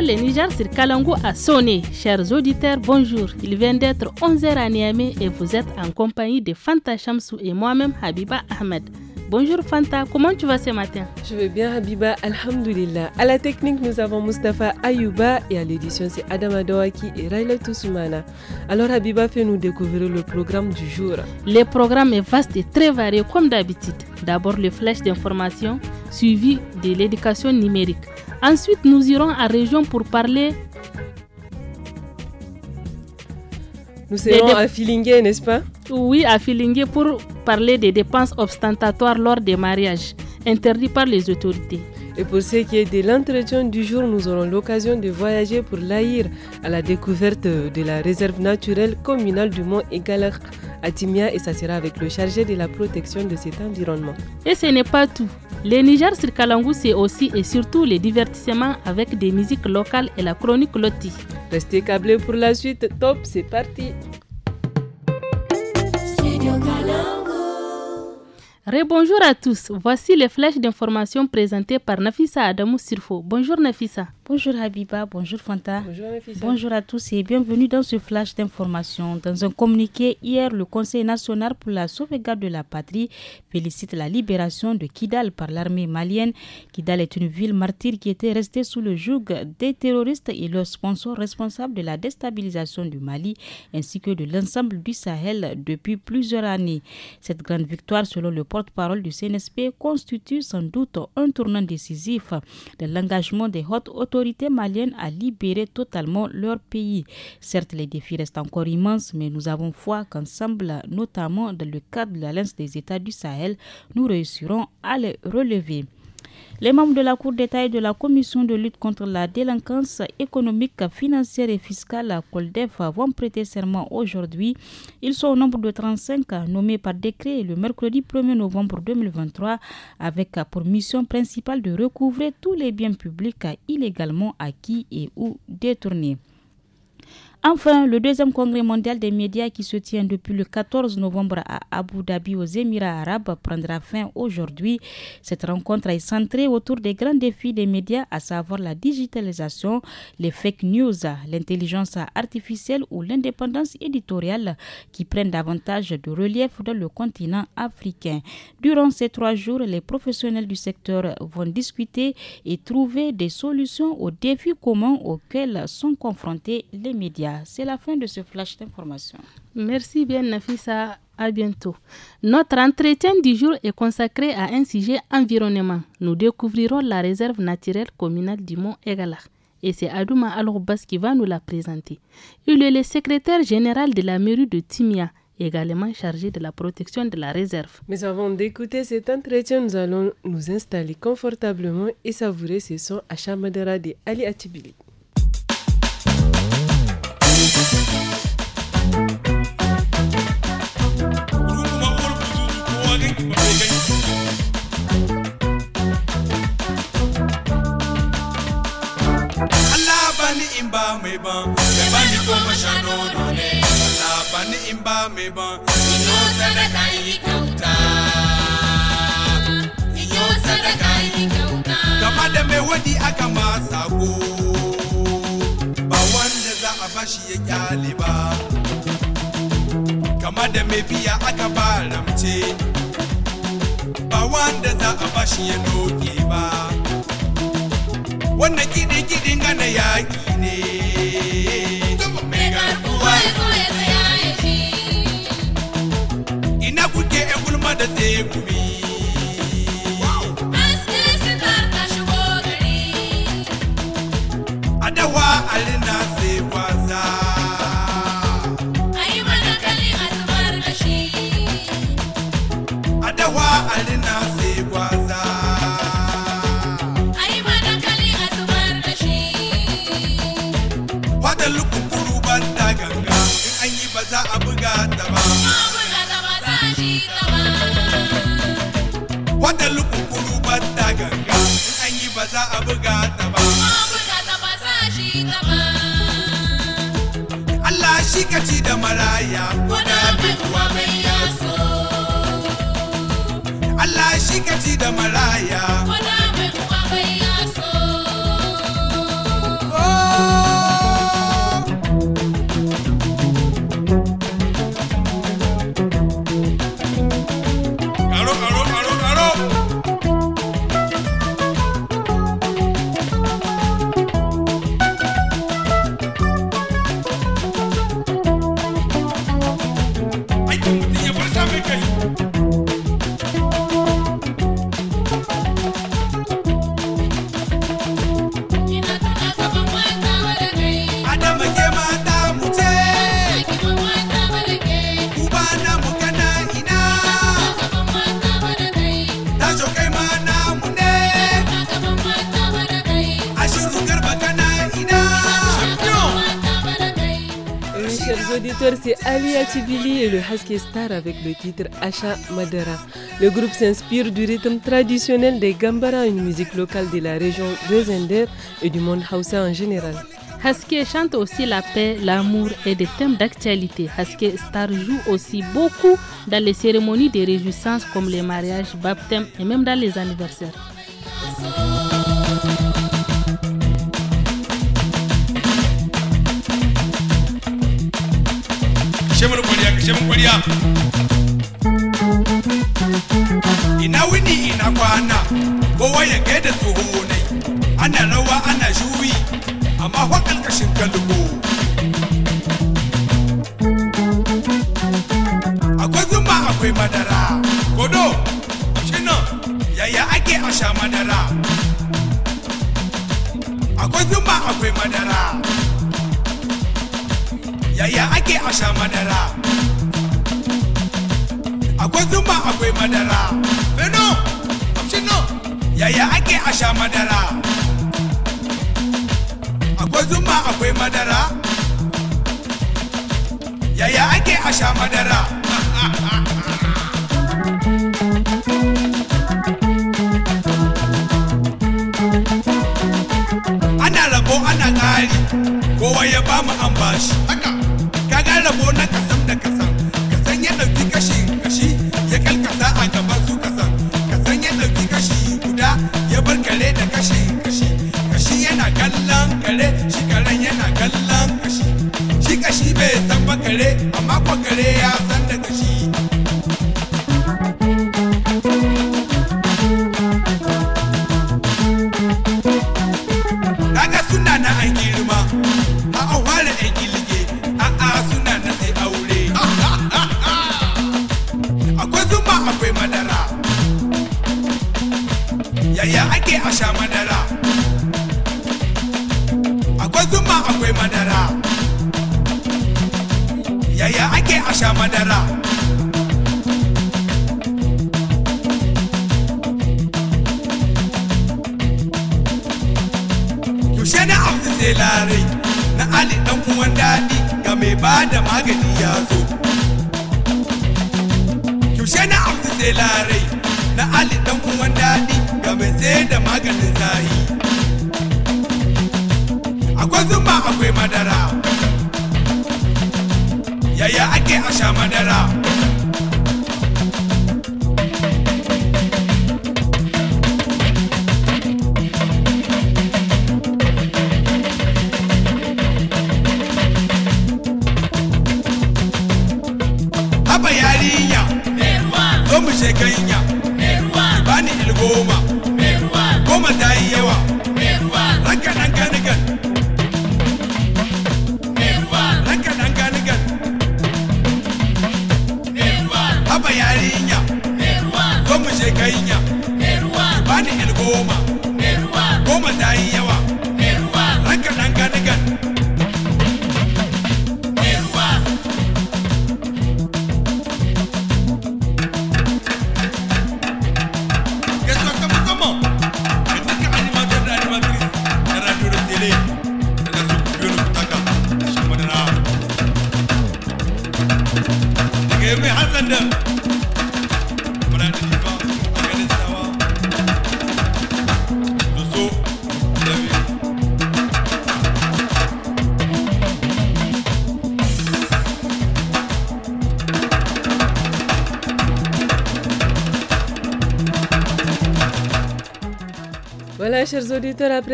Le Niger sur Kalango a sonné. Chers auditeurs, bonjour. Il vient d'être 11h à Niamey et vous êtes en compagnie de Fanta et moi-même Habiba Ahmed. Bonjour Fanta, comment tu vas ce matin Je vais bien Habiba, Alhamdulillah. À la technique, nous avons Mustapha Ayouba et à l'édition, c'est Adama Dawaki et Raila Toussoumana. Alors Habiba, fais-nous découvrir le programme du jour. Le programme est vaste et très varié comme d'habitude. D'abord, les flèches d'information suivi de l'éducation numérique. Ensuite, nous irons à région pour parler Nous serons à Filingue, n'est-ce pas Oui, à Filingue pour parler des dépenses ostentatoires lors des mariages, interdits par les autorités. Et pour ce qui est de l'entretien du jour, nous aurons l'occasion de voyager pour l'Aïr à la découverte de la réserve naturelle communale du mont Egalak Atimia et ça sera avec le chargé de la protection de cet environnement. Et ce n'est pas tout. Les Niger sur Kalangou, c'est aussi et surtout les divertissements avec des musiques locales et la chronique Loti. Restez câblés pour la suite. Top, c'est parti. Rebonjour à tous. Voici les flèches d'information présentées par Nafisa Adamou Sirfo. Bonjour Nafisa. Bonjour Habiba, bonjour Fanta. Bonjour, à tous et bienvenue dans ce flash d'information. Dans un communiqué hier, le Conseil national pour la sauvegarde de la patrie félicite la libération de Kidal par l'armée malienne. Kidal est une ville martyre qui était restée sous le joug des terroristes et leurs sponsors responsables de la déstabilisation du Mali ainsi que de l'ensemble du Sahel depuis plusieurs années. Cette grande victoire, selon le porte-parole du CNSP, constitue sans doute un tournant décisif de l'engagement des hautes autorités autorités maliennes à libérer totalement leur pays. Certes, les défis restent encore immenses, mais nous avons foi qu'ensemble, notamment dans le cadre de l'Alliance des États du Sahel, nous réussirons à les relever. Les membres de la Cour d'État et de la Commission de lutte contre la délinquance économique, financière et fiscale à Coldef vont prêter serment aujourd'hui. Ils sont au nombre de 35 nommés par décret le mercredi 1er novembre 2023 avec pour mission principale de recouvrer tous les biens publics illégalement acquis et ou détournés. Enfin, le deuxième congrès mondial des médias qui se tient depuis le 14 novembre à Abu Dhabi aux Émirats arabes prendra fin aujourd'hui. Cette rencontre est centrée autour des grands défis des médias, à savoir la digitalisation, les fake news, l'intelligence artificielle ou l'indépendance éditoriale qui prennent davantage de relief dans le continent africain. Durant ces trois jours, les professionnels du secteur vont discuter et trouver des solutions aux défis communs auxquels sont confrontés les médias c'est la fin de ce flash d'information. Merci bien, Nafisa. À bientôt. Notre entretien du jour est consacré à un sujet environnement. Nous découvrirons la réserve naturelle communale du Mont Egalach. Et c'est Adouma al qui va nous la présenter. Il est le secrétaire général de la mairie de Timia également chargé de la protection de la réserve. Mais avant d'écouter cet entretien, nous allons nous installer confortablement et savourer ce son à Chamadera de Ali Atibili. kama sako ba wanda za a bashi ya kyale ba kama da mai biya aka ba ramce ba wanda za a bashi ya doke ba wannan kiɗin kiɗin gana yaƙi ne ina kuke 'yan gulma da tegumi them a liar. et le Husky Star avec le titre Asha Madera. Le groupe s'inspire du rythme traditionnel des Gambara, une musique locale de la région de Zender et du monde Hausa en général. Haske chante aussi la paix, l'amour et des thèmes d'actualité. Haske Star joue aussi beaucoup dans les cérémonies de réjouissance comme les mariages, baptêmes et même dans les anniversaires. amarya ina wuni ina kwana kowa ya gaida tsoho ne ana rawa ana shuwi amma fa ƙarƙashin kalgo akwai zuma akwai madara kodo shinan yaya ake a sha madara akwai zuma akwai madara yaya ake a sha madara akwai zumba akwai madara fino shino yaya ake a sha madara akwai zumba akwai madara yaya ake a sha madara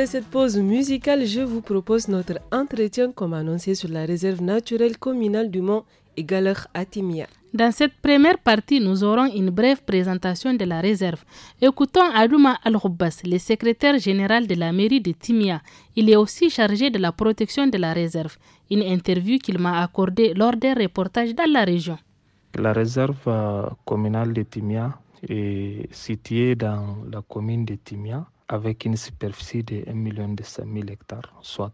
Après cette pause musicale, je vous propose notre entretien comme annoncé sur la réserve naturelle communale du mont à Atimia. Dans cette première partie, nous aurons une brève présentation de la réserve. Écoutons Adouma al le secrétaire général de la mairie de Timia. Il est aussi chargé de la protection de la réserve. Une interview qu'il m'a accordée lors d'un reportage dans la région. La réserve euh, communale de Timia est située dans la commune de Timia avec une superficie de 1 million hectares, soit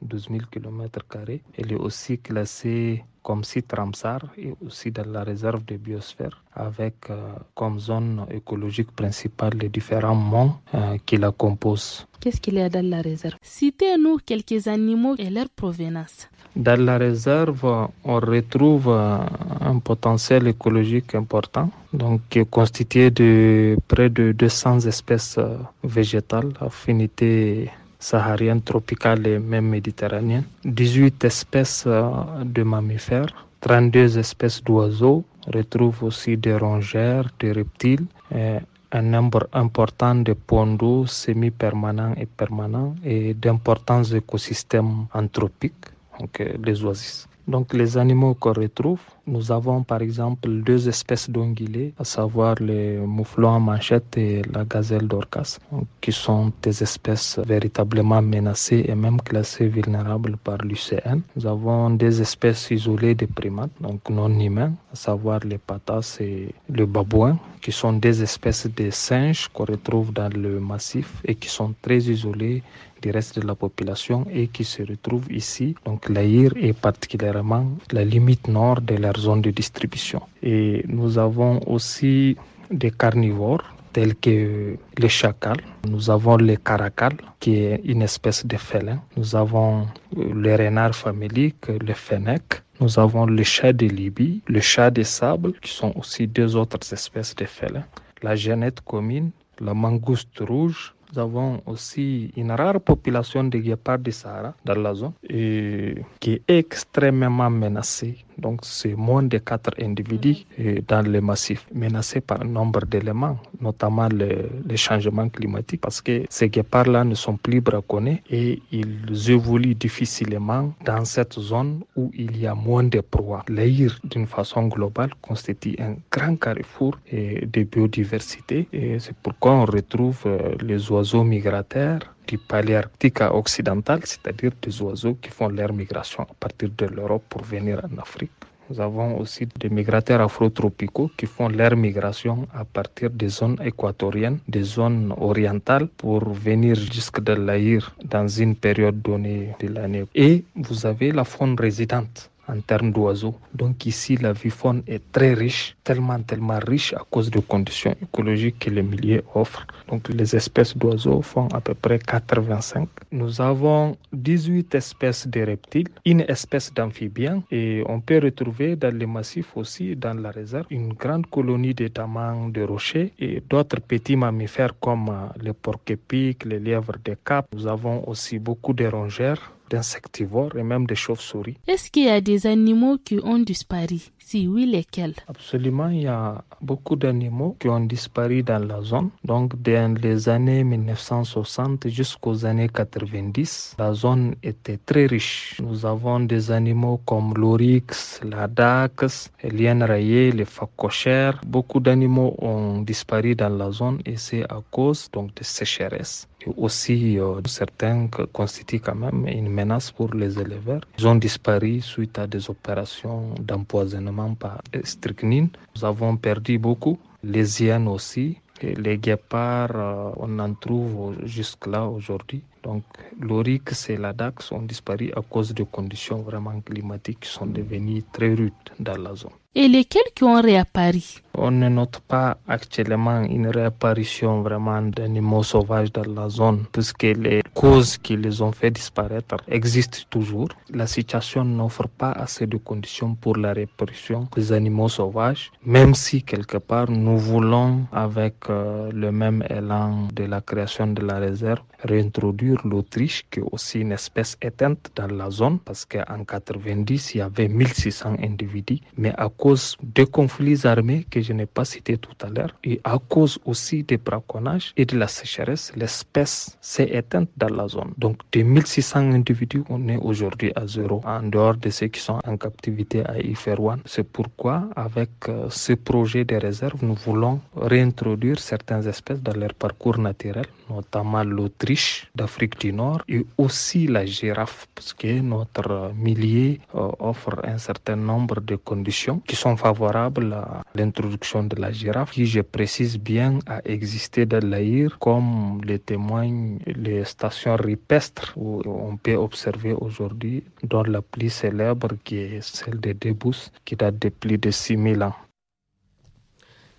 12 000 km2. Elle est aussi classée comme site Ramsar et aussi dans la réserve de biosphère avec euh, comme zone écologique principale les différents monts euh, qui la composent. Qu'est-ce qu'il y a dans la réserve Citez-nous quelques animaux et leur provenance. Dans la réserve, on retrouve un potentiel écologique important, donc qui est constitué de près de 200 espèces végétales, affinités sahariennes, tropicales et même méditerranéennes, 18 espèces de mammifères, 32 espèces d'oiseaux, on retrouve aussi des rongères, des reptiles, un nombre important de points d'eau semi-permanents et permanents et d'importants écosystèmes anthropiques donc euh, les oasis. Donc les animaux qu'on retrouve, nous avons par exemple deux espèces d'ongulés, à savoir le mouflon à manchette et la gazelle d'orcas, qui sont des espèces véritablement menacées et même classées vulnérables par l'UCN. Nous avons des espèces isolées de primates, donc non humains, à savoir les patas et le babouin, qui sont des espèces de singes qu'on retrouve dans le massif et qui sont très isolées du reste de la population et qui se retrouvent ici. Donc l'Aïr est particulièrement la limite nord de leur zone de distribution. Et nous avons aussi des carnivores tels que les chacals. Nous avons le caracal, qui est une espèce de félin. Nous avons euh, les renard famélique, le fennec. Nous avons le chat de Libye, le chat de sable, qui sont aussi deux autres espèces de félins. La genette commune, la mangouste rouge, nous avons aussi une rare population de guépards du Sahara dans la zone et qui est extrêmement menacée donc c'est moins de quatre individus mm. euh, dans le massif, menacés par un nombre d'éléments, notamment le, le, changement climatique, parce que ces guépards-là ne sont plus braconnés et ils évoluent difficilement dans cette zone où il y a moins de proies. L'air, d'une façon globale, constitue un grand carrefour euh, de biodiversité et c'est pourquoi on retrouve euh, les oiseaux migrateurs, du Paléarctique occidental, c'est-à-dire des oiseaux qui font leur migration à partir de l'Europe pour venir en Afrique. Nous avons aussi des migrateurs afrotropicaux qui font leur migration à partir des zones équatoriennes, des zones orientales pour venir jusque de l'Aïr dans une période donnée de l'année. Et vous avez la faune résidente en termes d'oiseaux. Donc ici, la vie faune est très riche, tellement, tellement riche à cause des conditions écologiques que les milieu offrent Donc les espèces d'oiseaux font à peu près 85. Nous avons 18 espèces de reptiles, une espèce d'amphibien et on peut retrouver dans les massifs aussi, dans la réserve, une grande colonie de de rochers et d'autres petits mammifères comme euh, les porc-épics, les lièvres des cap. Nous avons aussi beaucoup de rongères d'insectivores et même des chauves-souris. Est-ce qu'il y a des animaux qui ont disparu Si oui, lesquels Absolument, il y a beaucoup d'animaux qui ont disparu dans la zone. Donc, dans les années 1960 jusqu'aux années 90, la zone était très riche. Nous avons des animaux comme l'orix, la dax, rayé, les facochères. Beaucoup d'animaux ont disparu dans la zone et c'est à cause donc de sécheresse aussi euh, certains constituent quand même une menace pour les éleveurs. Ils ont disparu suite à des opérations d'empoisonnement par strychnine. Nous avons perdu beaucoup, les hyènes aussi. Et les guépards, euh, on en trouve jusque-là aujourd'hui. Donc, l'Oryx et la dax ont disparu à cause de conditions vraiment climatiques qui sont devenues très rudes dans la zone et lesquels qui ont réapparu On ne note pas actuellement une réapparition vraiment d'animaux sauvages dans la zone, puisque les causes qui les ont fait disparaître existent toujours. La situation n'offre pas assez de conditions pour la réapparition des animaux sauvages, même si quelque part nous voulons, avec euh, le même élan de la création de la réserve, réintroduire l'Autriche, qui est aussi une espèce éteinte dans la zone, parce qu'en 90, il y avait 1600 individus, mais à cause conflits armés que je n'ai pas cité tout à l'heure et à cause aussi des braconnages et de la sécheresse, l'espèce s'est éteinte dans la zone. Donc de 1600 individus, on est aujourd'hui à zéro en dehors de ceux qui sont en captivité à Iferouane. C'est pourquoi avec euh, ce projet de réserve, nous voulons réintroduire certaines espèces dans leur parcours naturel, notamment l'Autriche d'Afrique du Nord et aussi la girafe parce que notre euh, milieu euh, offre un certain nombre de conditions qui sont favorables à l'introduction de la girafe, qui, je précise bien, a existé dans l'Aïr, comme le témoignent les stations ripestres où on peut observer aujourd'hui, dans la plus célèbre qui est celle de Debous, qui date de plus de 6000 ans.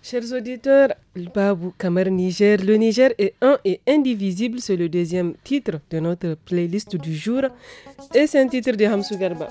Chers auditeurs, le Niger, le Niger est un et indivisible, c'est le deuxième titre de notre playlist du jour et c'est un titre de Hamsou Garba.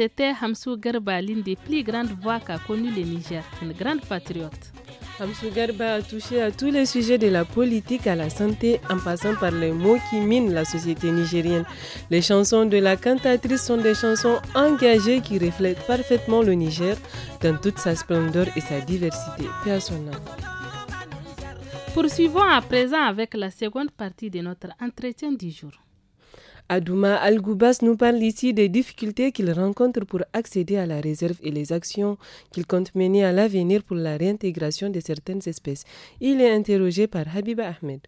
c'était Hamsou Garba, l'une des plus grandes voix qu'a connue le Niger, une grande patriote. Hamsou Garba a touché à tous les sujets de la politique à la santé en passant par les mots qui minent la société nigérienne. Les chansons de la cantatrice sont des chansons engagées qui reflètent parfaitement le Niger dans toute sa splendeur et sa diversité. personnelle. Poursuivons à présent avec la seconde partie de notre entretien du jour. Adouma Al-Goubas nous parle ici des difficultés qu'il rencontre pour accéder à la réserve et les actions qu'il compte mener à l'avenir pour la réintégration de certaines espèces. Il est interrogé par Habiba Ahmed.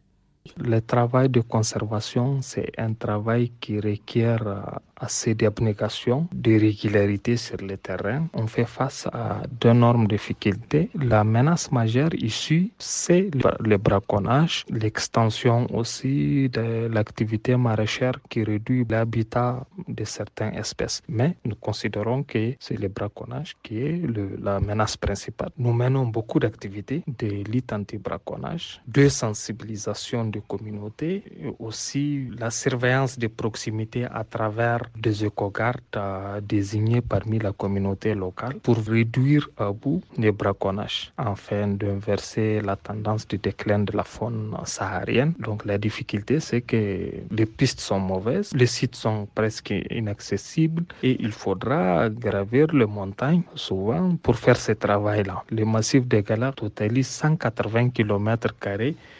Le travail de conservation, c'est un travail qui requiert euh, assez d'abnégation, de régularité sur le terrain. On fait face à d'énormes difficultés. La menace majeure issue, c'est le braconnage, l'extension aussi de l'activité maraîchère qui réduit l'habitat de certaines espèces. Mais nous considérons que c'est le braconnage qui est la menace principale. Nous menons beaucoup d'activités de lutte anti-braconnage, de sensibilisation de communautés, aussi la surveillance de proximité à travers des éco-gardes euh, désignés parmi la communauté locale pour réduire à euh, bout les braconnages afin d'inverser la tendance du déclin de la faune saharienne. Donc la difficulté, c'est que les pistes sont mauvaises, les sites sont presque inaccessibles et il faudra gravir les montagnes souvent pour faire ce travail-là. Le massif des Galas totalise 180 km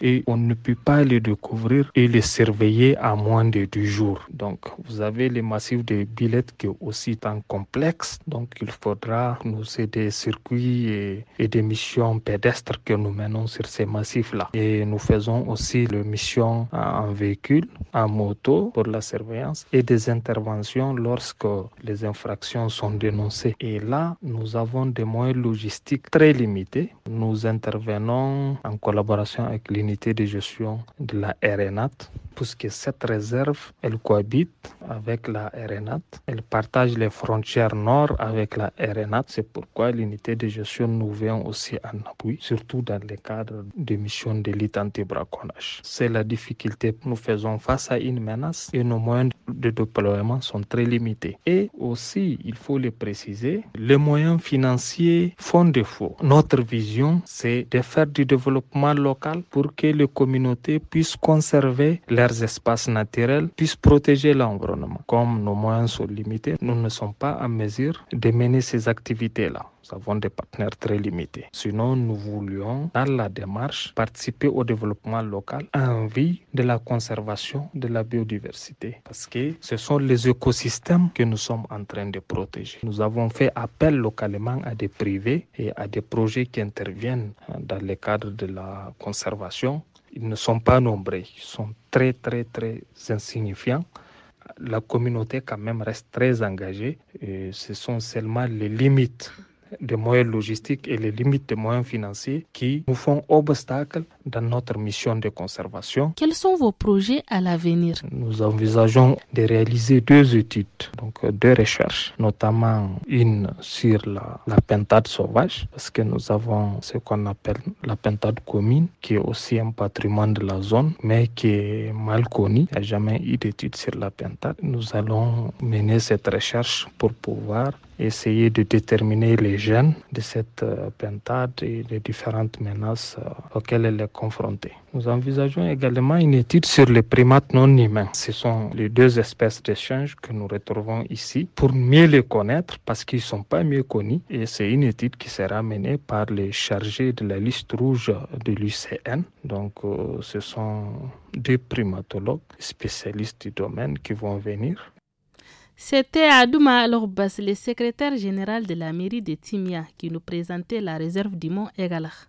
et on ne peut pas les découvrir et les surveiller à moins de deux jours. Donc, vous avez les massifs de billets qui est aussi tant complexe. Donc, il faudra nous aider circuits et, des missions pédestres que nous menons sur ces massifs-là. Et nous faisons aussi les missions en véhicule, en moto pour la surveillance et des interventions lorsque les infractions sont dénoncées. Et là, nous avons des moyens logistiques très limités. Nous intervenons en collaboration avec l'unité de gestion de la RNAT, puisque cette réserve, elle cohabite avec la RNAT. Elle partage les frontières nord avec la RNAT. C'est pourquoi l'unité de gestion nous vient aussi en appui, surtout dans le cadre de missions d'élite anti-braconnage. C'est la difficulté. Nous faisons face à une menace et nos moyens de déploiement sont très limités. Et aussi, il faut le préciser, les moyens financiers font défaut. Notre vision, c'est de faire du développement local pour que les communautés puissent conserver leurs espaces naturels, puissent protéger l'environnement. Comme nos moyens sont limités, nous ne sommes pas en mesure de mener ces activités-là. Nous avons des partenaires très limités. Sinon, nous voulions, dans la démarche, participer au développement local en vue de la conservation de la biodiversité. Parce que ce sont les écosystèmes que nous sommes en train de protéger. Nous avons fait appel localement à des privés et à des projets qui interviennent hein, dans le cadre de la conservation. Ils ne sont pas nombreux, ils sont très, très, très insignifiants la communauté quand même reste très engagée. Et ce sont seulement les limites des moyens logistiques et les limites des moyens financiers qui nous font obstacle dans notre mission de conservation. Quels sont vos projets à l'avenir Nous envisageons de réaliser deux études, donc euh, deux recherches, notamment une sur la, la pentade sauvage, parce que nous avons ce qu'on appelle la pentade commune, qui est aussi un patrimoine de la zone, mais qui est mal connu. Il n'y a jamais eu d'études sur la pentade. Nous allons mener cette recherche pour pouvoir essayer de déterminer les gènes de cette euh, pentade et les différentes menaces euh, auxquelles elle est confrontés. Nous envisageons également une étude sur les primates non humains. Ce sont les deux espèces d'échange que nous retrouvons ici pour mieux les connaître parce qu'ils ne sont pas mieux connus et c'est une étude qui sera menée par les chargés de la liste rouge de l'UCN. Donc euh, ce sont des primatologues spécialistes du domaine qui vont venir. C'était Adouma Alorbas, le secrétaire général de la mairie de Timia, qui nous présentait la réserve du mont Egalach.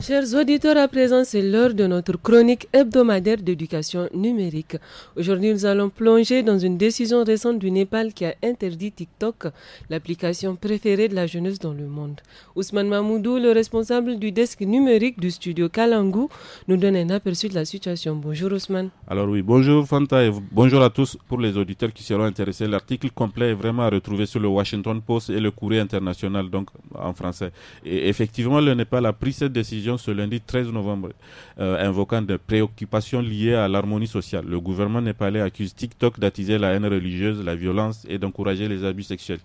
Chers auditeurs, à présent, c'est l'heure de notre chronique hebdomadaire d'éducation numérique. Aujourd'hui, nous allons plonger dans une décision récente du Népal qui a interdit TikTok, l'application préférée de la jeunesse dans le monde. Ousmane Mamoudou, le responsable du desk numérique du studio Kalangu, nous donne un aperçu de la situation. Bonjour Ousmane. Alors oui, bonjour Fanta et bonjour à tous pour les auditeurs qui seront intéressés. L'article complet est vraiment à retrouver sur le Washington Post et le courrier international, donc en français. Et effectivement, le Népal a pris cette décision ce lundi 13 novembre euh, invoquant des préoccupations liées à l'harmonie sociale. Le gouvernement népalais accuse TikTok d'attiser la haine religieuse, la violence et d'encourager les abus sexuels.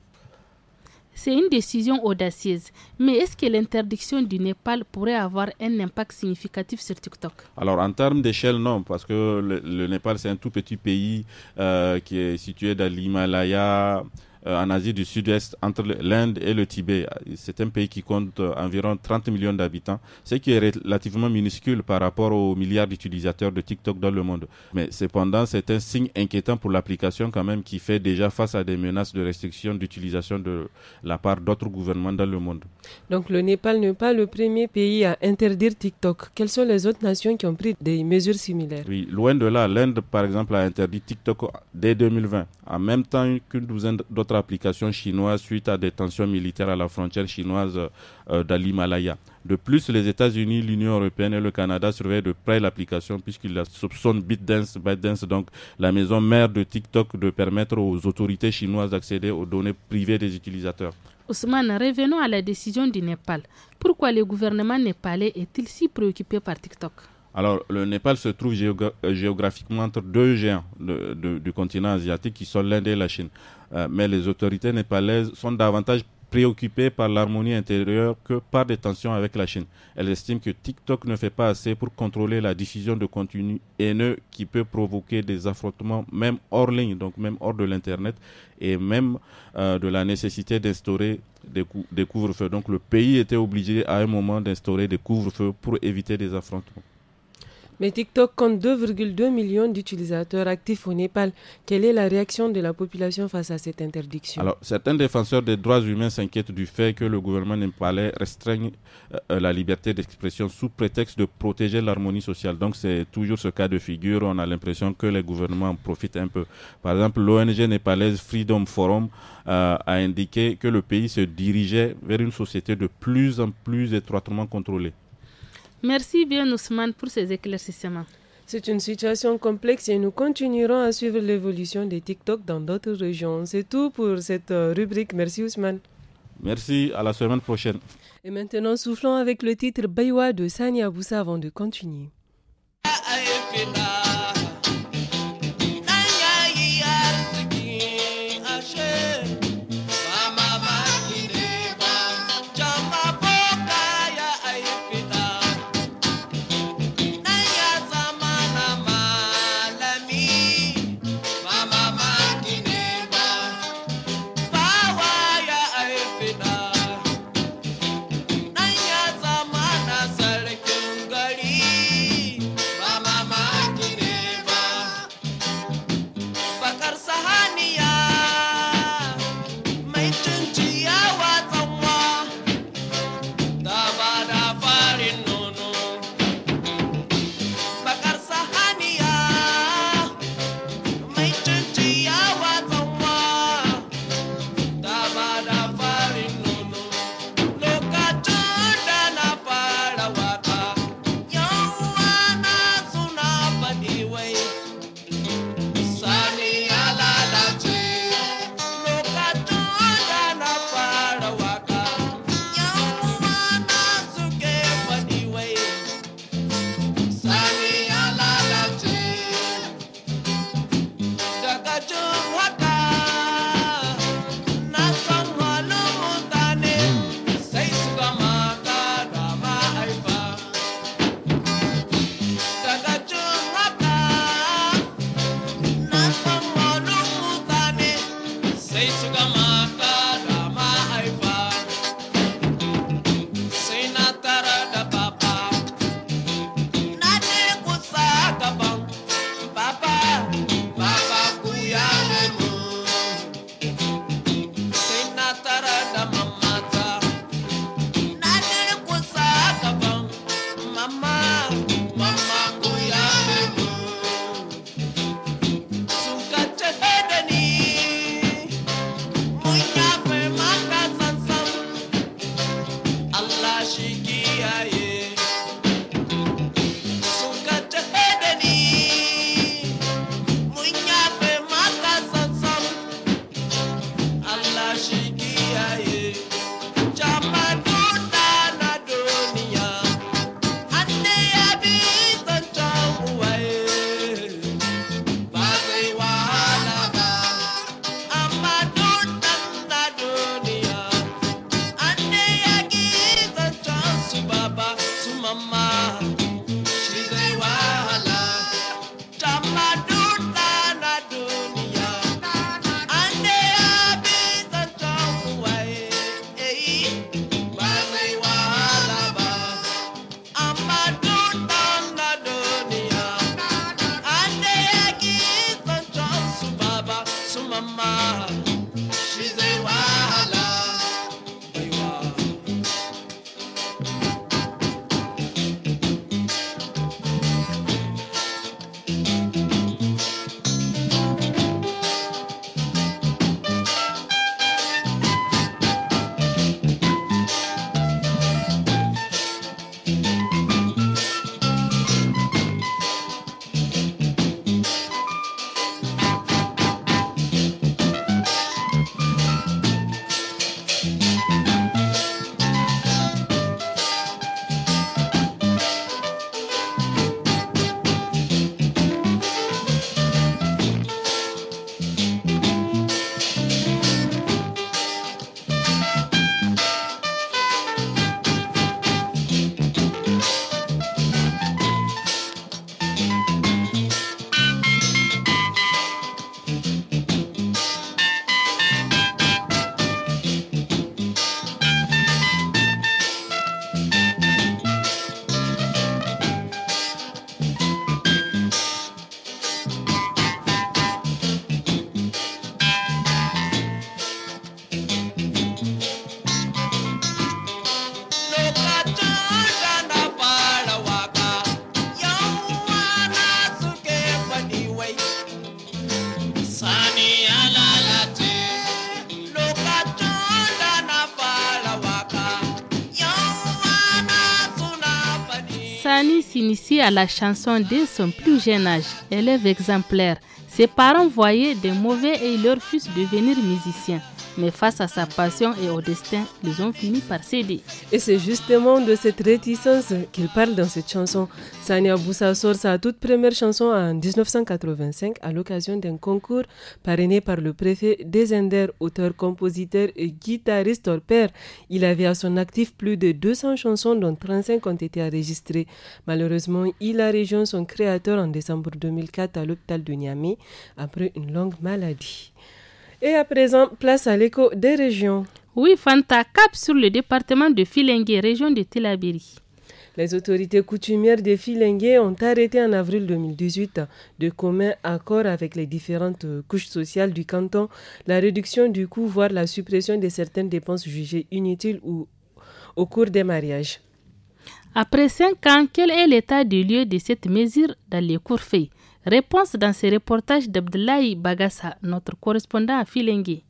C'est une décision audacieuse, mais est-ce que l'interdiction du Népal pourrait avoir un impact significatif sur TikTok Alors en termes d'échelle, non, parce que le, Népal, c'est un tout petit pays euh, qui est situé dans l'Himalaya, euh, en Asie du Sud-Est entre l'Inde et le Tibet. C'est un pays qui compte euh, environ 30 millions d'habitants, ce qui est relativement minuscule par rapport aux milliards d'utilisateurs de TikTok dans le monde. Mais cependant, c'est un signe inquiétant pour l'application quand même qui fait déjà face à des menaces de restriction d'utilisation de la part d'autres gouvernements dans le monde. Donc le Népal n'est pas le premier pays à interdire TikTok. Quelles sont les autres nations qui ont pris des mesures similaires Oui, loin de là, l'Inde par exemple a interdit TikTok dès 2020, en même temps qu'une douzaine d'autres application chinoise suite à des tensions militaires à la frontière chinoise euh, De plus, les États-Unis, l'Union européenne et le Canada surveillent de près l'application puisqu'ils la soupçonnent BitDance, donc la maison mère de TikTok, de permettre aux autorités chinoises d'accéder aux données privées des utilisateurs. Ousmane, revenons à la décision du Népal. Pourquoi le gouvernement népalais est-il si préoccupé par TikTok alors, le Népal se trouve euh, géographiquement entre deux géants du continent asiatique qui sont l'Inde et la Chine. Euh, mais les autorités népalaises sont davantage préoccupées par l'harmonie intérieure que par des tensions avec la Chine. Elles estiment que TikTok ne fait pas assez pour contrôler la diffusion de contenu haineux qui peut provoquer des affrontements même hors ligne, donc même hors de l'Internet, et même euh, de la nécessité d'instaurer des, des couvre-feux. Donc le pays était obligé à un moment d'instaurer des couvre-feux pour éviter des affrontements. Mais TikTok compte 2,2 millions d'utilisateurs actifs au Népal. Quelle est la réaction de la population face à cette interdiction Alors, certains défenseurs des droits humains s'inquiètent du fait que le gouvernement népalais restreigne euh, la liberté d'expression sous prétexte de protéger l'harmonie sociale. Donc, c'est toujours ce cas de figure. On a l'impression que les gouvernements en profitent un peu. Par exemple, l'ONG népalaise Freedom Forum euh, a indiqué que le pays se dirigeait vers une société de plus en plus étroitement contrôlée. Merci bien Ousmane pour ces éclaircissements. C'est une situation complexe et nous continuerons à suivre l'évolution des TikTok dans d'autres régions. C'est tout pour cette euh, rubrique. Merci Ousmane. Merci, à la semaine prochaine. Et maintenant, soufflons avec le titre Baywa de Sanya Boussa avant de continuer. Santa Maria. Ici, à la chanson dès son plus jeune âge. Élève exemplaire, ses parents voyaient des mauvais et leur fils devenir musiciens. Mais face à sa passion et au destin, ils ont fini par céder. Et c'est justement de cette réticence qu'il parle dans cette chanson. Sania Boussa sort sa toute première chanson en 1985 à l'occasion d'un concours parrainé par le préfet Desender, auteur, compositeur et guitariste hors Il avait à son actif plus de 200 chansons dont 35 ont été enregistrées. Malheureusement, il a rejoint son créateur en décembre 2004 à l'hôpital de Niamey après une longue maladie. Et à présent, place à l'écho des régions. Oui, Fanta cap sur le département de Filengue, région de Tilaberi. Les autorités coutumières de Filengue ont arrêté en avril 2018, de commun accord avec les différentes couches sociales du canton, la réduction du coût, voire la suppression de certaines dépenses jugées inutiles ou au cours des mariages. Après cinq ans, quel est l'état du lieu de cette mesure dans les cours faits Réponse dans ce reportage d'Abdoulaye Bagassa, notre correspondant à Filengi.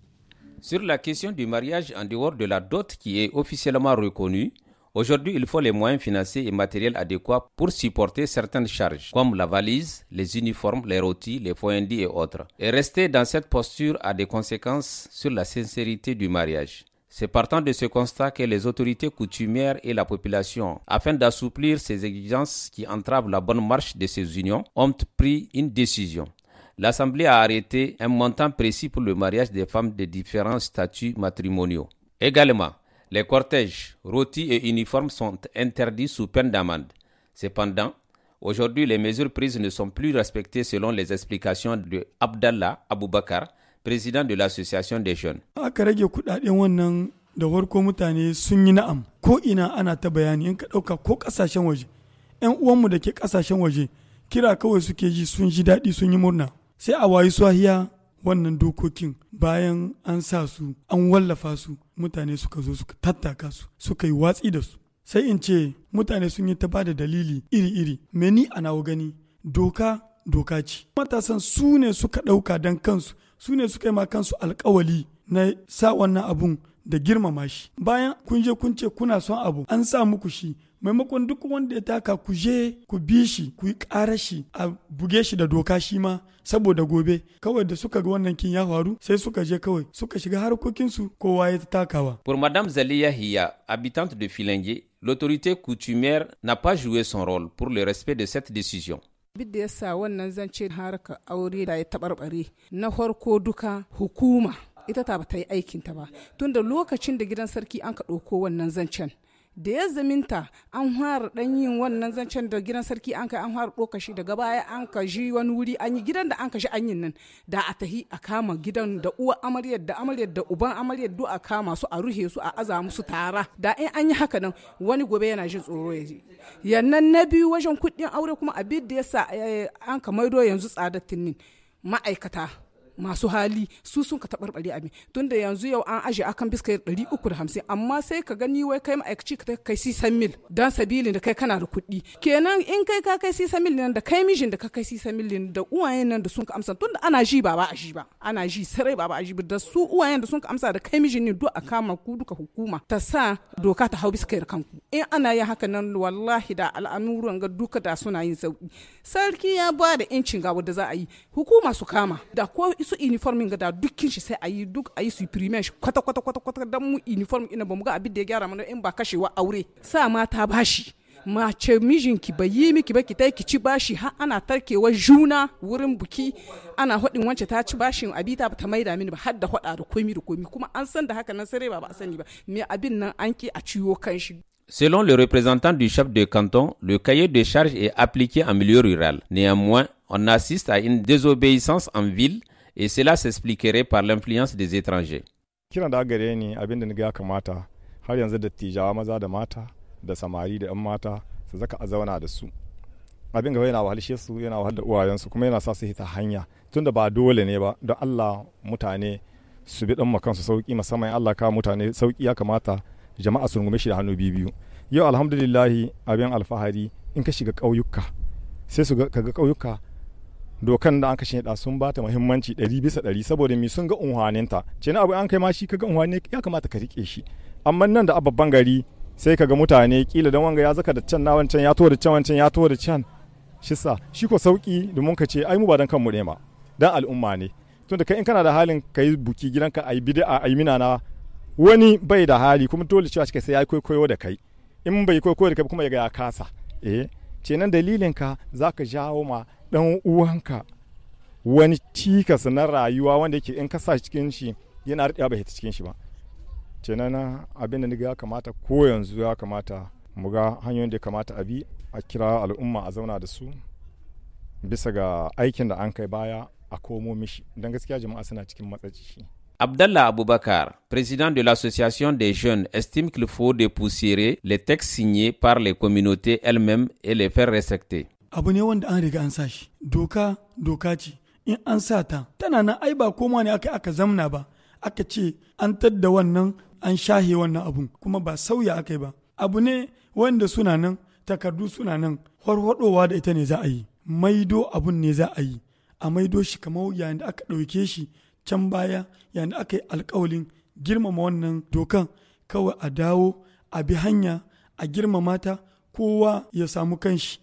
Sur la question du mariage en dehors de la dot qui est officiellement reconnue, Aujourd'hui, il faut les moyens financiers et matériels adéquats pour supporter certaines charges, comme la valise, les uniformes, les rôtis, les foindis et autres. Et rester dans cette posture a des conséquences sur la sincérité du mariage. C'est partant de ce constat que les autorités coutumières et la population, afin d'assouplir ces exigences qui entravent la bonne marche de ces unions, ont pris une décision. L'Assemblée a arrêté un montant précis pour le mariage des femmes de différents statuts matrimoniaux. Également, les cortèges, rôtis et uniformes sont interdits sous peine d'amende. Cependant, aujourd'hui, les mesures prises ne sont plus respectées selon les explications de Abdallah Aboubakar, president de l'association des jeunes. Aka rage kudaden wannan da warko mutane sun yi na'am ko ina ana ta bayani in ka dauka ko kasashen waje. ‘Yan uwanmu da ke kasashen waje kira kawai suke ji sun ji daɗi sun yi murna. Sai a wayi swahiya wannan dokokin bayan an sa su an wallafa su mutane suka zo suka tattaka su suka yi watsi da su. Sai in ce mutane sun yi ta ba da dalili iri-iri. Me ni a nawa gani doka doka ce matasan su ne suka ɗauka don kansu su ne suka yi ma kansu alkawali na sa wannan abun da girmama shi bayan kun je kun kuna son abu an sa muku shi maimakon duk wanda ya taka ku je ku bi shi ku yi ƙara a buge da doka shi ma saboda gobe kawai da suka ga wannan kin ya faru sai suka je kawai suka shiga harkokinsu kowa ya takawa. Pour Madame Zaliya Hiya, habitante de Filenge, l'autorité coutumière n'a pas joué son rôle pour le respect de cette décision. bidda ya sa wannan zance haraka aure da ya taɓarɓare na farko duka hukuma ita ta ba ta yi aikinta ba tunda lokacin da gidan sarki an ka ɗauko wannan zancen da ya zaminta an fara dan yin wannan zancen da gidan sarki an kai an fara dokashi daga baya an ka ji wani wuri an yi gidan da an ka shi an yin nan da a tahi a kama gidan da uwa amaryar da amaryar da uban amaryar duk a kama su a ruhe su a aza musu tara da in an yi haka nan wani gobe yana jin tsoro ya ji yannan na biyu wajen kuɗin aure kuma abin da yasa eh, an ka maido yanzu tsadar tinnin ma'aikata masu hali su sun ka tabarbare abin tunda yanzu yau an aje akan biskayar 350 amma sai ka gani wai kai ma'aikaci ka kai sisan mil dan sabili da kai kana da kuɗi kenan in kai ka kai sisan mil nan da kai mijin da ka kai sisan mil da uwayen nan da sun ka amsa tunda ana ji ba ba a ji ba ana ji sarai ba ba a ji ba da su uwayen da sun ka amsa da kai mijin ne duk a kama ku duka hukuma ta sa doka ta hau biskayar kanku in ana yin haka nan wallahi da al'amuran ga duka da suna yin sauki sarki ya ba da incin gawa da za a yi hukuma su kama da ko isu uniforme ga da dukkin shi sai ayi duk ayi supreme shi kwata kwata kwata kwata dan mu uniform ina bamu ga abin da ya gyara mana in ba kashewa aure sa ma ta bashi mace mijinki bai yi miki ba ki ta ki ci bashi har ana tarkewa juna wurin buki ana hudin wance ta ci bashin abita ta ta maida mini ba har da hada da komi da komi kuma an san da haka nan sare ba ba sani ba me abin nan an ki a ciwo kan shi Selon le représentant du chef de canton, le cahier de charges est appliqué en milieu rural. Néanmoins, on assiste à une désobéissance en ville et cela s'expliquerait par l'influence des étrangers. Kiran da gare ni abin da ya kamata har yanzu da tijawa maza da mata da samari da 'yan mata su zaka a zauna da su. Abin gaba yana wahalshe su yana wahal da uwayensu kuma yana sa su hita hanya tunda ba dole ne ba don Allah mutane su bi ɗan kansu sauki musamman Allah ka mutane sauƙi ya kamata jama'a su rungume shi da hannu biyu. Yau alhamdulillahi abin alfahari in ka shiga ƙauyuka sai su ga ƙauyuka dokan da an kashe da sun bata muhimmanci 100 bisa 100 saboda mai sun ga unhwaninta ce na abu an kai ma shi kaga unhwane ya kamata ka rike shi amma nan da babban gari sai kaga mutane kila dan wanga ya zaka da can na wancan ya to da can wancan ya to da can shisa shi ko sauki domin ka ce ai mu ba dan kanmu ne ma dan al'umma ne tun da kai in kana da halin ka yi buki gidanka ka bid'a a yi minana wani bai da hali kuma dole cewa shi sai ya kwaikwayo da kai in bai kwaikwayo da kai kuma ya ga ya kasa eh kenan dalilin ka zaka jawo ma dan uwanka wani cikas na rayuwa wanda yake in kasa cikin shi yana riɗa bai cikin shi ba kenan abin da ga kamata ko yanzu ya kamata mu ga hanyoyin da kamata a bi a kira al'umma a zauna da su bisa ga aikin da an kai baya a komo mishi don gaskiya jama'a suna cikin matsaci Abdallah Abubakar, président de l'association des jeunes, estime qu'il faut dépoussiérer les textes signés par les communautés elles-mêmes et les faire respecter. abu ne wanda an riga an sa shi doka doka ce in an sa ta tana nan ai ba koma ne aka aka zamna ba aka ce an tadda wannan an shahe wannan abun kuma ba sauya aka yi ba abu ne wanda suna nan takardu suna nan warwadowa da ita ne za a yi maido abun ne za a yi a maido shi kamar yayin da aka ɗauke shi can baya yayin da aka yi alkawalin girmama wannan dokan kawai a dawo a bi hanya a girmama ta kowa ya samu kanshi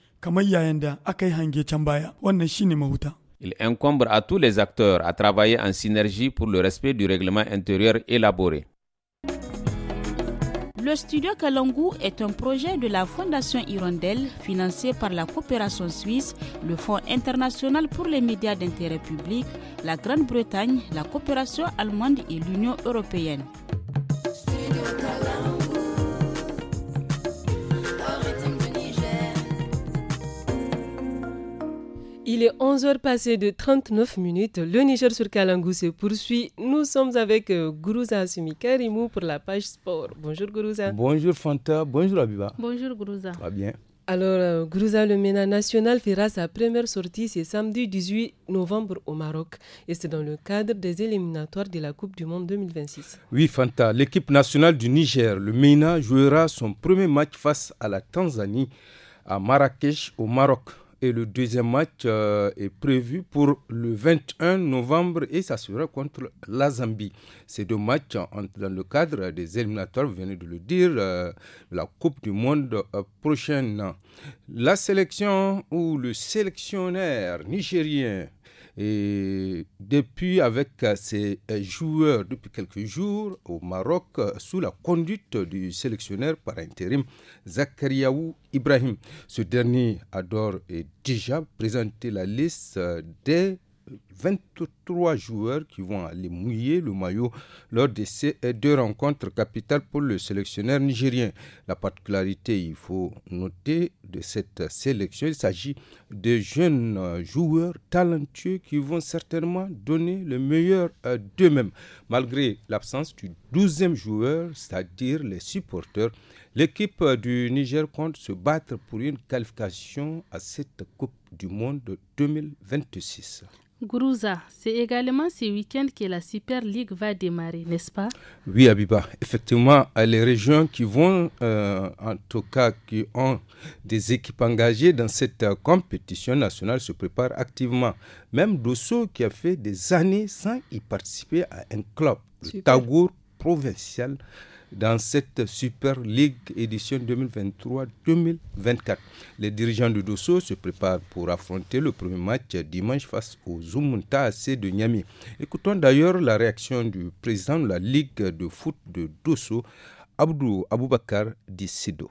Il incombe à tous les acteurs à travailler en synergie pour le respect du règlement intérieur élaboré. Le studio Kalangu est un projet de la Fondation Hirondelle financé par la coopération suisse, le Fonds international pour les médias d'intérêt public, la Grande-Bretagne, la coopération allemande et l'Union européenne. Il est 11h passé de 39 minutes. Le Niger sur Kalangou se poursuit. Nous sommes avec euh, Gourouza Sumikarimou pour la page sport. Bonjour Gourouza. Bonjour Fanta. Bonjour Abiba. Bonjour Gourouza. Très bien. Alors, euh, Gourouza, le MENA national fera sa première sortie ce samedi 18 novembre au Maroc. Et c'est dans le cadre des éliminatoires de la Coupe du Monde 2026. Oui, Fanta, l'équipe nationale du Niger, le MENA, jouera son premier match face à la Tanzanie à Marrakech, au Maroc et le deuxième match euh, est prévu pour le 21 novembre et ça sera contre la Zambie. Ces deux matchs dans le cadre des éliminatoires, vous venez de le dire, euh, la Coupe du Monde euh, prochaine. La sélection ou le sélectionnaire nigérien et depuis, avec ses euh, euh, joueurs, depuis quelques jours, au Maroc, euh, sous la conduite du sélectionneur par intérim, Zakariaou Ibrahim. Ce dernier adore et déjà présenté la liste des 23 joueurs qui vont aller mouiller le maillot lors de ces deux rencontres capitales pour le sélectionnaire nigérien. La particularité, il faut noter, de cette sélection, il s'agit de jeunes joueurs talentueux qui vont certainement donner le meilleur d'eux-mêmes. Malgré l'absence du 12e joueur, c'est-à-dire les supporters, l'équipe du Niger compte se battre pour une qualification à cette Coupe du Monde 2026. Gourouza, c'est également ce week-end que la Super League va démarrer, n'est-ce pas Oui, Abiba. Effectivement, euh, les régions qui vont, euh, en tout cas qui ont des équipes engagées dans cette euh, compétition nationale, se préparent activement. Même Dosso, qui a fait des années sans y participer à un club, le Tagour provincial dans cette Super League édition 2023-2024. Les dirigeants de Dosso se préparent pour affronter le premier match dimanche face au Zumunta AC de Niamey. Écoutons d'ailleurs la réaction du président de la Ligue de foot de Dosso, Abdou Aboubakar Dissido.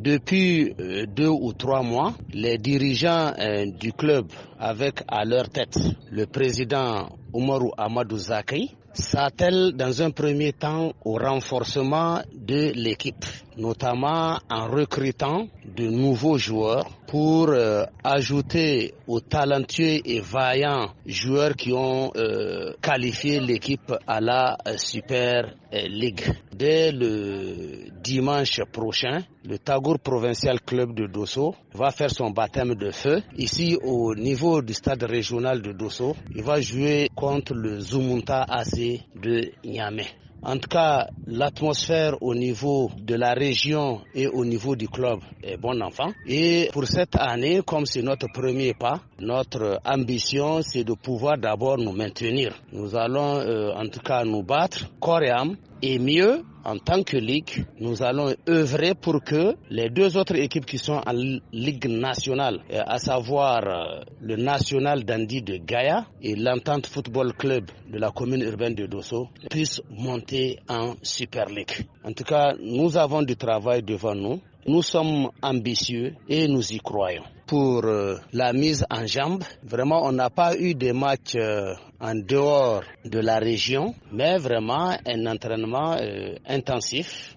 Depuis euh, deux ou trois mois, les dirigeants euh, du club, avec à leur tête le président Omaru Amadou Zakai, s'attelle dans un premier temps au renforcement de l'équipe notamment en recrutant de nouveaux joueurs pour euh, ajouter aux talentueux et vaillants joueurs qui ont euh, qualifié l'équipe à la euh, Super League. Dès le dimanche prochain, le Tagour Provincial Club de Dosso va faire son baptême de feu. Ici, au niveau du stade régional de Dosso, il va jouer contre le Zumunta AC de Niamey. En tout cas, l'atmosphère au niveau de la région et au niveau du club est bon enfant. Et pour cette année, comme c'est notre premier pas, notre ambition, c'est de pouvoir d'abord nous maintenir. Nous allons euh, en tout cas nous battre corps et âme et mieux, en tant que ligue, nous allons œuvrer pour que les deux autres équipes qui sont en ligue nationale, euh, à savoir euh, le national d'Andy de Gaïa et l'entente football club de la commune urbaine de Dosso, puissent monter en Super League. En tout cas, nous avons du travail devant nous. Nous sommes ambitieux et nous y croyons pour euh, la mise en jambe. Vraiment, on n'a pas eu de matchs euh, en dehors de la région, mais vraiment un entraînement euh, intensif,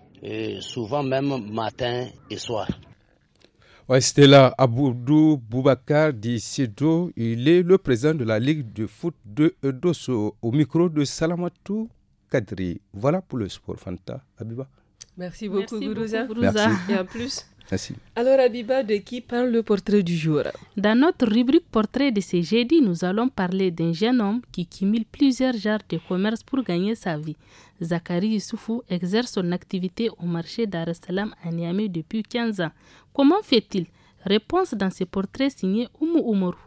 souvent même matin et soir. Ouais, c'était là Aboudou Boubacar Sido. Il est le président de la Ligue de foot de Edosso au micro de Salamatou Kadri. Voilà pour le sport Fanta Abiba. Merci beaucoup, Gourouza. Merci. Et à plus. Alors Abiba, de qui parle le portrait du jour Dans notre rubrique portrait de ce jeudi, nous allons parler d'un jeune homme qui cumule plusieurs genres de commerce pour gagner sa vie. Zachary Youssoufou exerce son activité au marché d'Arsalam à Niamey depuis 15 ans. Comment fait-il Réponse dans ce portrait signé Oumu Oumourou.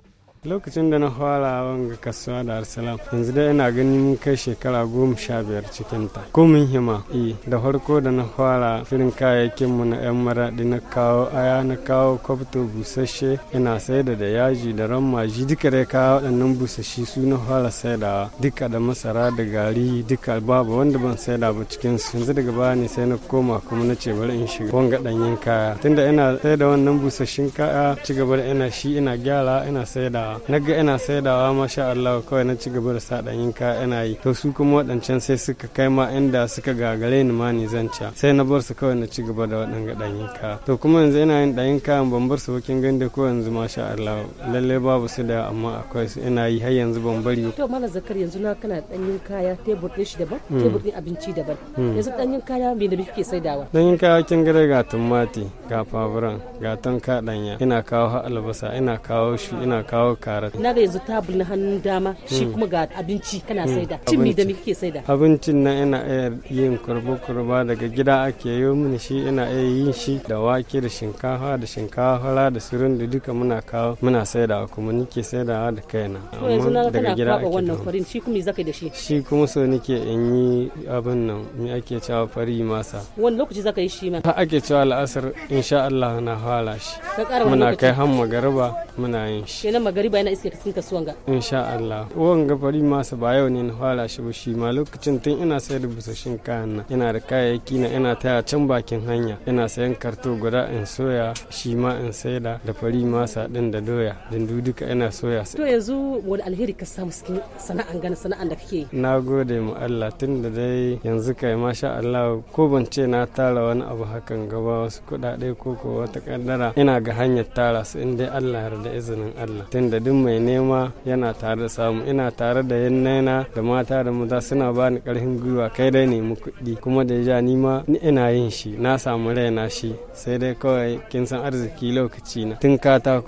lokacin da na fara wanga kasuwa da arsalam yanzu dai ina ganin kai shekara goma sha biyar cikin ta komin hima e da farko da na fara firin kayayyakin mu na yan maraɗi na kawo aya na kawo kwabto busasshe ina saida da yaji da maji duka dai kawo waɗannan busasshi su na fara saidawa duka da masara da gari duka babu wanda ban saida ba cikin su yanzu daga baya ne sai na koma kuma na ce bari in shiga wanga ɗanyen kaya tunda ina saida wannan busasshin kaya ci gaba da ina shi ina gyara ina saida na ga ina saidawa masha Allah kawai na ci gaba da sa yin kaya ina yi to su kuma waɗancan sai suka kai ma inda suka gagare ni ma ni zanca sai na bar su kawai na ci gaba da waɗanga ɗanyen kaya to kuma yanzu ina yin yin kayan ban bar su wakin gande ko yanzu masha Allah lalle babu su da amma akwai su ina yi har yanzu ban bari to malam zakar yanzu na kana yin kaya tebur ɗin shi daban hmm. tebur ɗin abinci daban hmm. yanzu yin kaya me da kike saidawa yin kaya kin gare ga tumati ga faburan ga tonka ɗanya ina kawo albasa ina kawo shi ina kawo karat na ga yanzu tabul na hannun dama shi hmm. kuma ga abinci kana hmm. saida cin mi da mi kike saida abincin na ina iya yin kurbu kurba daga gida ake yi mun shi ina iya yin shi da wake da shinkafa da shinkafa da surun da duka muna kawo muna saida kuma nike saidawa da kaina amma daga gida ake wannan farin shi kuma zaka da shi shi kuma so nike in yi abin nan me ake cewa fari masa wani lokaci zaka yi shi ma ha ake cewa al'asar insha Allah na fara shi muna kai har magariba muna yin shi kenan magariba fari bayan iske kasuwan ga insha Allah wanga fari masa ba yau ne na fara shi ba shi ma lokacin tun ina sayar da busashin kayan nan ina da kayayyaki na ina taya can bakin hanya ina sayan karto guda in soya shi ma in saida da fari masa din da doya dindu duka ina soya to yanzu wani alheri ka samu cikin sana'an gana sana'an da kake na gode mu Allah tun da dai yanzu kai masha Allah ko ban ce na tara wani abu hakan gaba wasu kuɗaɗe ko ko wata kaddara ina ga hanyar tara su in dai Allah yarda izinin Allah tun da adadin mai nema yana tare da samu ina tare da yannaina da mata da maza suna ba ni karfin gwiwa kai dai nemi kuɗi kuma da ja ni ma ni ina yin shi na samu na shi sai dai kawai kin san arziki lokaci na tun